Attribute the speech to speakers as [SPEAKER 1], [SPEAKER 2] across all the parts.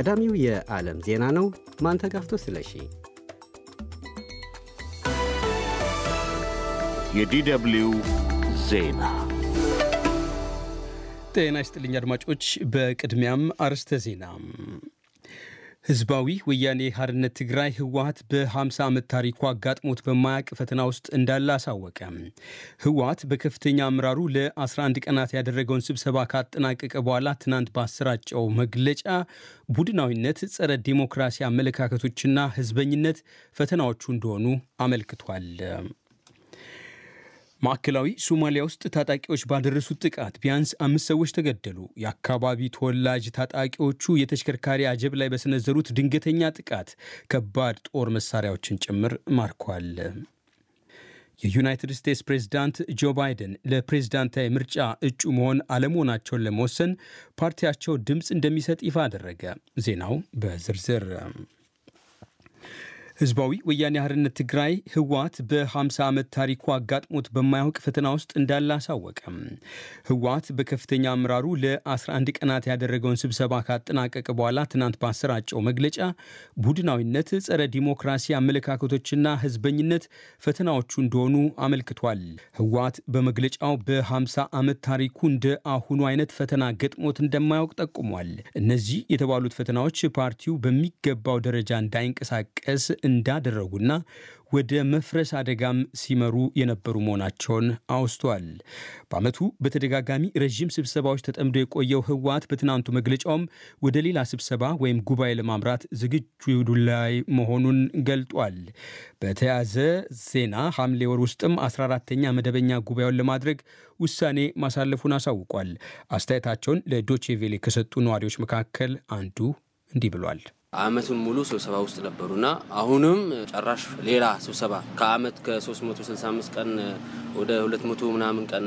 [SPEAKER 1] ቀዳሚው የዓለም ዜና ነው። ማንተጋፍቶ ስለሺ። የዲደብሊው ዜና ጤና ይስጥልኝ አድማጮች። በቅድሚያም አርስተ ዜና ህዝባዊ ወያኔ ሓርነት ትግራይ ህወሀት በ50 ዓመት ታሪኩ አጋጥሞት በማያቅ ፈተና ውስጥ እንዳለ አሳወቀ። ህወሀት በከፍተኛ አመራሩ ለ11 ቀናት ያደረገውን ስብሰባ ካጠናቀቀ በኋላ ትናንት ባሰራጨው መግለጫ ቡድናዊነት፣ ጸረ ዲሞክራሲ አመለካከቶችና ህዝበኝነት ፈተናዎቹ እንደሆኑ አመልክቷል። ማዕከላዊ ሶማሊያ ውስጥ ታጣቂዎች ባደረሱት ጥቃት ቢያንስ አምስት ሰዎች ተገደሉ። የአካባቢ ተወላጅ ታጣቂዎቹ የተሽከርካሪ አጀብ ላይ በሰነዘሩት ድንገተኛ ጥቃት ከባድ ጦር መሳሪያዎችን ጭምር ማርኳል። የዩናይትድ ስቴትስ ፕሬዝዳንት ጆ ባይደን ለፕሬዝዳንታዊ ምርጫ እጩ መሆን አለመሆናቸውን ለመወሰን ፓርቲያቸው ድምፅ እንደሚሰጥ ይፋ አደረገ። ዜናው በዝርዝር ህዝባዊ ወያኔ ሓርነት ትግራይ ህወሓት በ50 ዓመት ታሪኩ አጋጥሞት በማያውቅ ፈተና ውስጥ እንዳለ አሳወቀም። ህወሓት በከፍተኛ አመራሩ ለ11 ቀናት ያደረገውን ስብሰባ ካጠናቀቀ በኋላ ትናንት ባሰራጨው መግለጫ ቡድናዊነት፣ ጸረ ዲሞክራሲ አመለካከቶችና ህዝበኝነት ፈተናዎቹ እንደሆኑ አመልክቷል። ህወሓት በመግለጫው በ50 ዓመት ታሪኩ እንደ አሁኑ አይነት ፈተና ገጥሞት እንደማያውቅ ጠቁሟል። እነዚህ የተባሉት ፈተናዎች ፓርቲው በሚገባው ደረጃ እንዳይንቀሳቀስ እንዳደረጉና ወደ መፍረስ አደጋም ሲመሩ የነበሩ መሆናቸውን አውስቷል። በዓመቱ በተደጋጋሚ ረዥም ስብሰባዎች ተጠምዶ የቆየው ህወሓት በትናንቱ መግለጫውም ወደ ሌላ ስብሰባ ወይም ጉባኤ ለማምራት ዝግጁ ላይ መሆኑን ገልጧል። በተያዘ ዜና ሐምሌ ወር ውስጥም 14ተኛ መደበኛ ጉባኤውን ለማድረግ ውሳኔ ማሳለፉን አሳውቋል። አስተያየታቸውን ለዶቼ ቬሌ ከሰጡ ነዋሪዎች መካከል አንዱ እንዲህ ብሏል። አመቱን ሙሉ ስብሰባ ውስጥ ነበሩና አሁንም ጨራሽ ሌላ ስብሰባ ከአመት ከ365 ቀን ወደ 200 ምናምን ቀን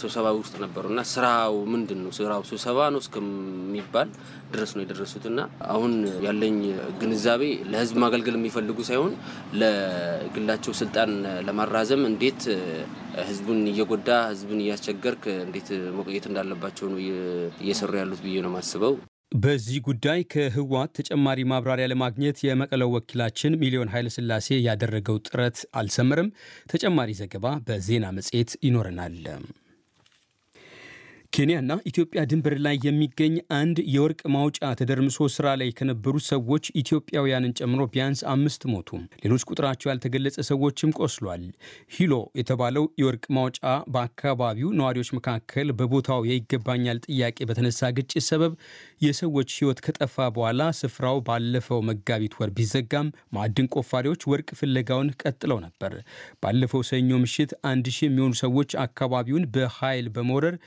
[SPEAKER 1] ስብሰባ ውስጥ ነበሩና ስራው ምንድን ነው ስራው ስብሰባ ነው እስከሚባል ድረስ ነው የደረሱትና አሁን ያለኝ ግንዛቤ ለህዝብ ማገልገል የሚፈልጉ ሳይሆን ለግላቸው ስልጣን ለማራዘም እንዴት ህዝቡን እየጎዳ ህዝብን እያስቸገርክ እንዴት መቆየት እንዳለባቸው ነው እየሰሩ ያሉት ብዬ ነው የማስበው። በዚህ ጉዳይ ከህወሓት ተጨማሪ ማብራሪያ ለማግኘት የመቀለው ወኪላችን ሚሊዮን ስላሴ ያደረገው ጥረት አልሰመረም። ተጨማሪ ዘገባ በዜና መጽሔት ይኖረናል። ኬንያና ኢትዮጵያ ድንበር ላይ የሚገኝ አንድ የወርቅ ማውጫ ተደርምሶ ስራ ላይ ከነበሩ ሰዎች ኢትዮጵያውያንን ጨምሮ ቢያንስ አምስት ሞቱ። ሌሎች ቁጥራቸው ያልተገለጸ ሰዎችም ቆስሏል። ሂሎ የተባለው የወርቅ ማውጫ በአካባቢው ነዋሪዎች መካከል በቦታው የይገባኛል ጥያቄ በተነሳ ግጭት ሰበብ የሰዎች ሕይወት ከጠፋ በኋላ ስፍራው ባለፈው መጋቢት ወር ቢዘጋም ማዕድን ቆፋሪዎች ወርቅ ፍለጋውን ቀጥለው ነበር። ባለፈው ሰኞ ምሽት አንድ ሺህ የሚሆኑ ሰዎች አካባቢውን በኃይል በመውረር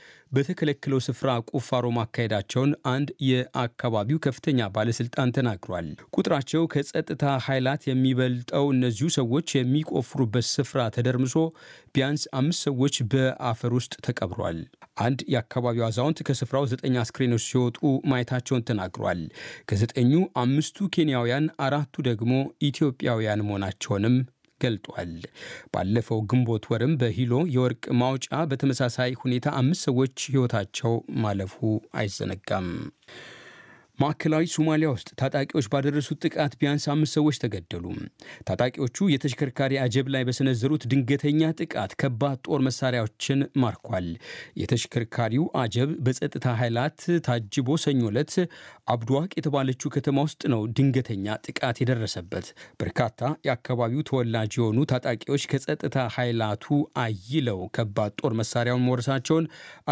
[SPEAKER 1] በተከለከለው ስፍራ ቁፋሮ ማካሄዳቸውን አንድ የአካባቢው ከፍተኛ ባለስልጣን ተናግሯል። ቁጥራቸው ከጸጥታ ኃይላት የሚበልጠው እነዚሁ ሰዎች የሚቆፍሩበት ስፍራ ተደርምሶ ቢያንስ አምስት ሰዎች በአፈር ውስጥ ተቀብሯል። አንድ የአካባቢው አዛውንት ከስፍራው ዘጠኝ አስክሬኖች ሲወጡ ማየታቸውን ተናግሯል። ከዘጠኙ አምስቱ ኬንያውያን፣ አራቱ ደግሞ ኢትዮጵያውያን መሆናቸውንም ገልጧል። ባለፈው ግንቦት ወርም በሂሎ የወርቅ ማውጫ በተመሳሳይ ሁኔታ አምስት ሰዎች ሕይወታቸው ማለፉ አይዘነጋም። ማዕከላዊ ሶማሊያ ውስጥ ታጣቂዎች ባደረሱት ጥቃት ቢያንስ አምስት ሰዎች ተገደሉ። ታጣቂዎቹ የተሽከርካሪ አጀብ ላይ በሰነዘሩት ድንገተኛ ጥቃት ከባድ ጦር መሳሪያዎችን ማርኳል። የተሽከርካሪው አጀብ በጸጥታ ኃይላት ታጅቦ ሰኞ ዕለት አብዱዋቅ የተባለችው ከተማ ውስጥ ነው ድንገተኛ ጥቃት የደረሰበት። በርካታ የአካባቢው ተወላጅ የሆኑ ታጣቂዎች ከጸጥታ ኃይላቱ አይለው ከባድ ጦር መሳሪያውን መወረሳቸውን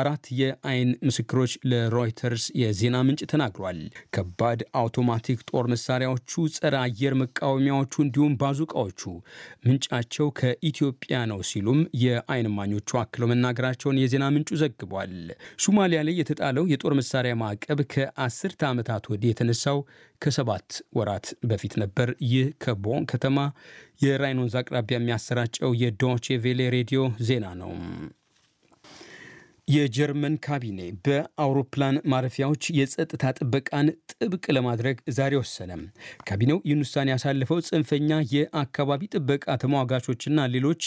[SPEAKER 1] አራት የአይን ምስክሮች ለሮይተርስ የዜና ምንጭ ተናግሯል። ከባድ አውቶማቲክ ጦር መሳሪያዎቹ፣ ጸረ አየር መቃወሚያዎቹ እንዲሁም ባዙቃዎቹ ምንጫቸው ከኢትዮጵያ ነው ሲሉም የአይን እማኞቹ አክለው መናገራቸውን የዜና ምንጩ ዘግቧል። ሱማሊያ ላይ የተጣለው የጦር መሳሪያ ማዕቀብ ከአስርተ ዓመታት ወዲህ የተነሳው ከሰባት ወራት በፊት ነበር። ይህ ከቦን ከተማ የራይን ወንዝ አቅራቢያ የሚያሰራጨው የዶቼ ቬሌ ሬዲዮ ዜና ነው። የጀርመን ካቢኔ በአውሮፕላን ማረፊያዎች የጸጥታ ጥበቃን ጥብቅ ለማድረግ ዛሬ ወሰነ። ካቢኔው ይህን ውሳኔ ያሳለፈው ጽንፈኛ የአካባቢ ጥበቃ ተሟጋቾችና ሌሎች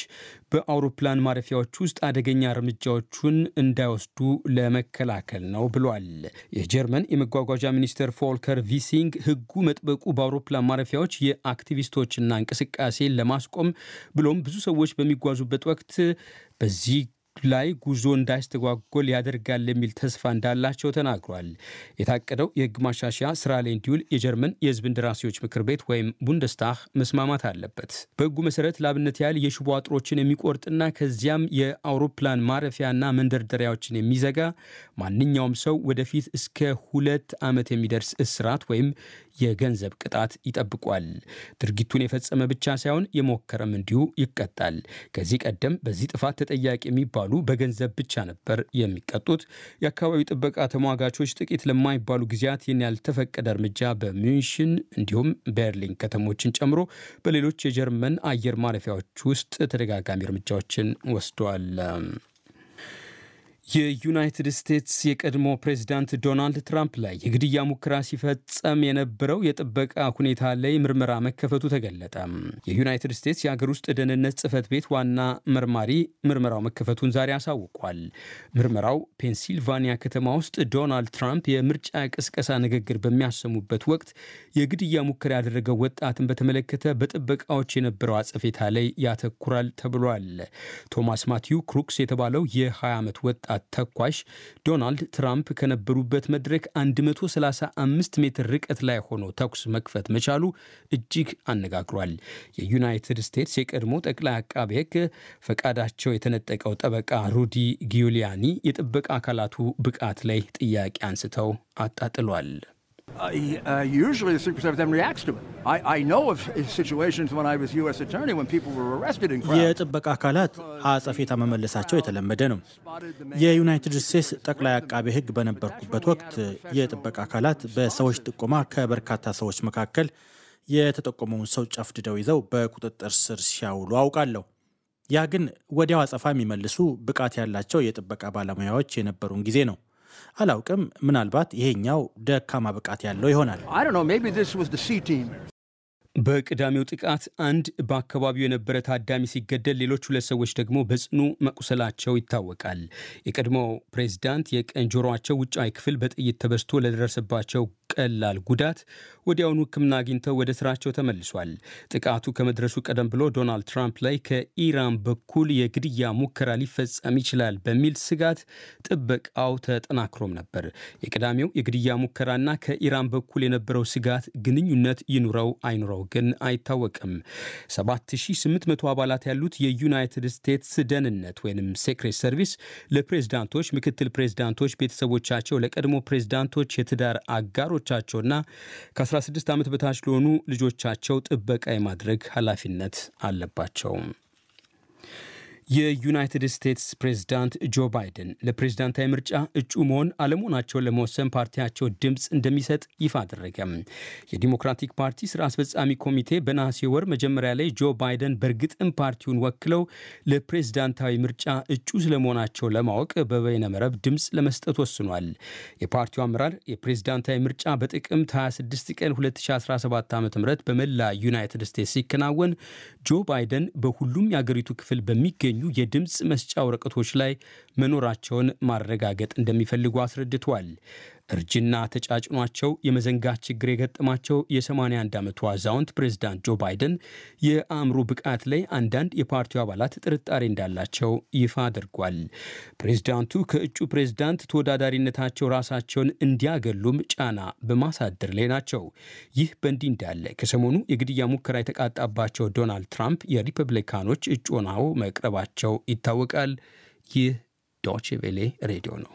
[SPEAKER 1] በአውሮፕላን ማረፊያዎች ውስጥ አደገኛ እርምጃዎቹን እንዳይወስዱ ለመከላከል ነው ብሏል። የጀርመን የመጓጓዣ ሚኒስትር ፎልከር ቪሲንግ ሕጉ መጥበቁ በአውሮፕላን ማረፊያዎች የአክቲቪስቶችና እንቅስቃሴን ለማስቆም ብሎም ብዙ ሰዎች በሚጓዙበት ወቅት በዚህ ላይ ጉዞ እንዳይስተጓጎል ያደርጋል የሚል ተስፋ እንዳላቸው ተናግሯል። የታቀደው የህግ ማሻሻያ ስራ ላይ እንዲውል የጀርመን የህዝብ እንደራሴዎች ምክር ቤት ወይም ቡንደስታህ መስማማት አለበት። በህጉ መሰረት ለአብነት ያህል የሽቦ አጥሮችን የሚቆርጥና ከዚያም የአውሮፕላን ማረፊያና መንደርደሪያዎችን የሚዘጋ ማንኛውም ሰው ወደፊት እስከ ሁለት ዓመት የሚደርስ እስራት ወይም የገንዘብ ቅጣት ይጠብቋል። ድርጊቱን የፈጸመ ብቻ ሳይሆን የሞከረም እንዲሁ ይቀጣል። ከዚህ ቀደም በዚህ ጥፋት ተጠያቂ የሚባሉ በገንዘብ ብቻ ነበር የሚቀጡት። የአካባቢው ጥበቃ ተሟጋቾች ጥቂት ለማይባሉ ጊዜያት ይህን ያልተፈቀደ እርምጃ በሚንሽን እንዲሁም በርሊን ከተሞችን ጨምሮ በሌሎች የጀርመን አየር ማረፊያዎች ውስጥ ተደጋጋሚ እርምጃዎችን ወስደዋል። የዩናይትድ ስቴትስ የቀድሞ ፕሬዚዳንት ዶናልድ ትራምፕ ላይ የግድያ ሙከራ ሲፈጸም የነበረው የጥበቃ ሁኔታ ላይ ምርመራ መከፈቱ ተገለጠ። የዩናይትድ ስቴትስ የሀገር ውስጥ ደህንነት ጽህፈት ቤት ዋና መርማሪ ምርመራው መከፈቱን ዛሬ አሳውቋል። ምርመራው ፔንሲልቫኒያ ከተማ ውስጥ ዶናልድ ትራምፕ የምርጫ ቅስቀሳ ንግግር በሚያሰሙበት ወቅት የግድያ ሙከራ ያደረገው ወጣትን በተመለከተ በጥበቃዎች የነበረው አጸፌታ ላይ ያተኩራል ተብሏል። ቶማስ ማቲው ክሩክስ የተባለው የ20 ዓመት ወጣት ጥቃት ተኳሽ ዶናልድ ትራምፕ ከነበሩበት መድረክ 135 ሜትር ርቀት ላይ ሆኖ ተኩስ መክፈት መቻሉ እጅግ አነጋግሯል። የዩናይትድ ስቴትስ የቀድሞ ጠቅላይ አቃቤ ሕግ ፈቃዳቸው የተነጠቀው ጠበቃ ሩዲ ጊዩሊያኒ የጥበቃ አካላቱ ብቃት ላይ ጥያቄ አንስተው አጣጥሏል። Uh, uh, usually the Secret Service then reacts to it. የጥበቃ አካላት አጸፌታ መመለሳቸው የተለመደ ነው። የዩናይትድ ስቴትስ ጠቅላይ አቃቤ ሕግ በነበርኩበት ወቅት የጥበቃ አካላት በሰዎች ጥቆማ ከበርካታ ሰዎች መካከል የተጠቆመውን ሰው ጨፍድደው ይዘው በቁጥጥር ስር ሲያውሉ አውቃለሁ። ያ ግን ወዲያው አጸፋ የሚመልሱ ብቃት ያላቸው የጥበቃ ባለሙያዎች የነበሩን ጊዜ ነው። አላውቅም። ምናልባት ይሄኛው ደካማ ብቃት ያለው ይሆናል። በቅዳሜው ጥቃት አንድ በአካባቢው የነበረ ታዳሚ ሲገደል ሌሎች ሁለት ሰዎች ደግሞ በጽኑ መቁሰላቸው ይታወቃል። የቀድሞው ፕሬዝዳንት የቀኝ ጆሮቸው ውጫዊ ክፍል በጥይት ተበስቶ ለደረሰባቸው ቀላል ጉዳት ወዲያውኑ ሕክምና አግኝተው ወደ ስራቸው ተመልሷል። ጥቃቱ ከመድረሱ ቀደም ብሎ ዶናልድ ትራምፕ ላይ ከኢራን በኩል የግድያ ሙከራ ሊፈጸም ይችላል በሚል ስጋት ጥበቃው ተጠናክሮም ነበር። የቅዳሜው የግድያ ሙከራና ከኢራን በኩል የነበረው ስጋት ግንኙነት ይኑረው አይኑረው ግን አይታወቅም። 7800 አባላት ያሉት የዩናይትድ ስቴትስ ደህንነት ወይም ሴክሬት ሰርቪስ ለፕሬዝዳንቶች፣ ምክትል ፕሬዝዳንቶች፣ ቤተሰቦቻቸው፣ ለቀድሞ ፕሬዝዳንቶች የትዳር አጋሮች ለልጆቻቸውና ከ16 ዓመት በታች ለሆኑ ልጆቻቸው ጥበቃ የማድረግ ኃላፊነት አለባቸው። የዩናይትድ ስቴትስ ፕሬዝዳንት ጆ ባይደን ለፕሬዝዳንታዊ ምርጫ እጩ መሆን አለመሆናቸውን ለመወሰን ፓርቲያቸው ድምፅ እንደሚሰጥ ይፋ አደረገ። የዲሞክራቲክ ፓርቲ ስራ አስፈጻሚ ኮሚቴ በነሐሴ ወር መጀመሪያ ላይ ጆ ባይደን በእርግጥም ፓርቲውን ወክለው ለፕሬዝዳንታዊ ምርጫ እጩ ስለመሆናቸው ለማወቅ በበይነ መረብ ድምፅ ለመስጠት ወስኗል። የፓርቲው አመራር የፕሬዝዳንታዊ ምርጫ በጥቅምት 26 ቀን 2017 ዓ ም በመላ ዩናይትድ ስቴትስ ሲከናወን ጆ ባይደን በሁሉም የአገሪቱ ክፍል በሚገኙ በተለያዩ የድምፅ መስጫ ወረቀቶች ላይ መኖራቸውን ማረጋገጥ እንደሚፈልጉ አስረድቷል። እርጅና ተጫጭኗቸው የመዘንጋት ችግር የገጠማቸው የ81 ዓመቱ አዛውንት ፕሬዝዳንት ጆ ባይደን የአእምሮ ብቃት ላይ አንዳንድ የፓርቲው አባላት ጥርጣሬ እንዳላቸው ይፋ አድርጓል። ፕሬዚዳንቱ ከእጩ ፕሬዝዳንት ተወዳዳሪነታቸው ራሳቸውን እንዲያገሉም ጫና በማሳደር ላይ ናቸው። ይህ በእንዲህ እንዳለ ከሰሞኑ የግድያ ሙከራ የተቃጣባቸው ዶናልድ ትራምፕ የሪፐብሊካኖች እጩ ሆነው መቅረባቸው ይታወቃል። ይህ ዶችቬሌ ሬዲዮ ነው።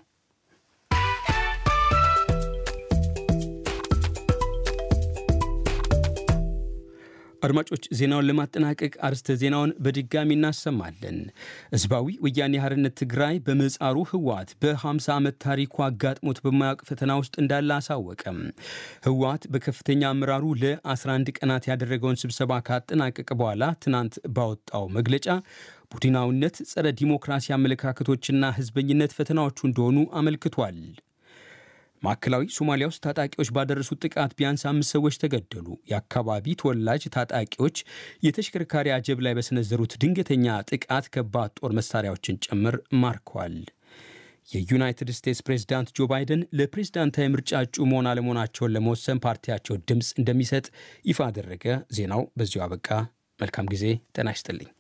[SPEAKER 1] አድማጮች ዜናውን ለማጠናቀቅ አርስተ ዜናውን በድጋሚ እናሰማለን። ህዝባዊ ወያኔ ሓርነት ትግራይ በምህጻሩ ህወሓት በ50 ዓመት ታሪኩ አጋጥሞት በማያውቅ ፈተና ውስጥ እንዳለ አሳወቀም። ህወሓት በከፍተኛ አመራሩ ለ11 ቀናት ያደረገውን ስብሰባ ካጠናቀቀ በኋላ ትናንት ባወጣው መግለጫ ቡድናዊነት፣ ጸረ ዲሞክራሲ አመለካከቶችና ህዝበኝነት ፈተናዎቹ እንደሆኑ አመልክቷል። ማዕከላዊ ሶማሊያ ውስጥ ታጣቂዎች ባደረሱት ጥቃት ቢያንስ አምስት ሰዎች ተገደሉ። የአካባቢ ተወላጅ ታጣቂዎች የተሽከርካሪ አጀብ ላይ በሰነዘሩት ድንገተኛ ጥቃት ከባድ ጦር መሳሪያዎችን ጭምር ማርከዋል። የዩናይትድ ስቴትስ ፕሬዝዳንት ጆ ባይደን ለፕሬዝዳንታዊ ምርጫ እጩ መሆን አለመሆናቸውን ለመወሰን ፓርቲያቸው ድምፅ እንደሚሰጥ ይፋ አደረገ። ዜናው በዚሁ አበቃ። መልካም ጊዜ። ጤና ይስጥልኝ።